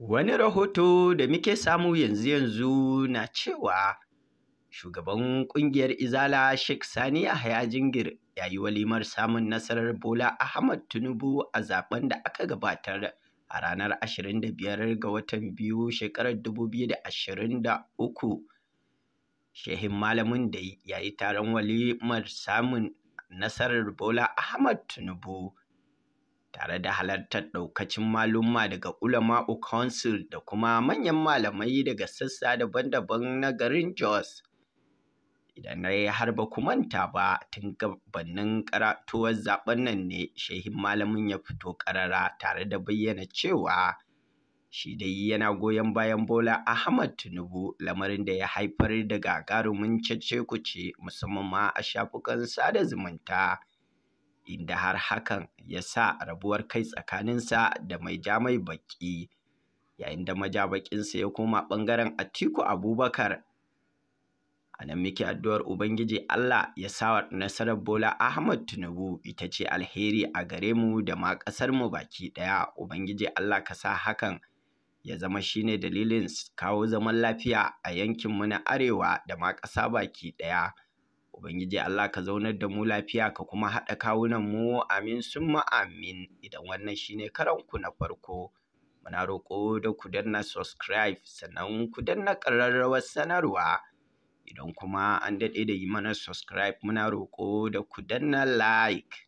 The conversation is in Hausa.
Wani rahoto da muke samu yanzu-yanzu na cewa Shugaban ƙungiyar Izala Sheikh Sani Yahaya Jingir ya yi walimar samun nasarar Bola Ahmad Tinubu a zaben da aka gabatar a ranar 25 ga watan biyu shekarar 2023. Shehin Malamin da ya yi taron walimar samun nasarar Bola Ahmad Tinubu tare da halartar ɗaukacin maluma daga Ulama'u Council da kuma manyan malamai daga sassa daban-daban na garin Jos. Idan na yi har ba ku manta ba tun gabanin karatuwar zaben nan ne shehin malamin ya fito karara tare da bayyana cewa shi dai yana goyon bayan Bola Ahmad Tinubu lamarin da ya haifar da gagarumin cece kuce musamman ma a shafukan sada zumunta. inda har hakan ya sa rabuwar kai tsakaninsa da mai ja mai baƙi yayin da maja sa ya koma ɓangaren Atiku Abubakar a nan addu'ar Ubangiji Allah ya sawa nasarar Bola Ahmad Tinubu ita ce alheri a gare mu da ma ƙasar mu baki ɗaya Ubangiji Allah ka sa hakan ya zama shine dalilin kawo zaman lafiya a yankin mu na arewa da ma ƙasa baki ɗaya Ubangiji Allah ka zaunar da mu lafiya ka kuma haɗa kawunan mu amin sun amin idan wannan shine karanku na farko muna roƙo da ku danna subscribe sannan ku danna ƙararrawar sanarwa idan kuma an daɗe da yi mana subscribe muna roƙo da ku danna like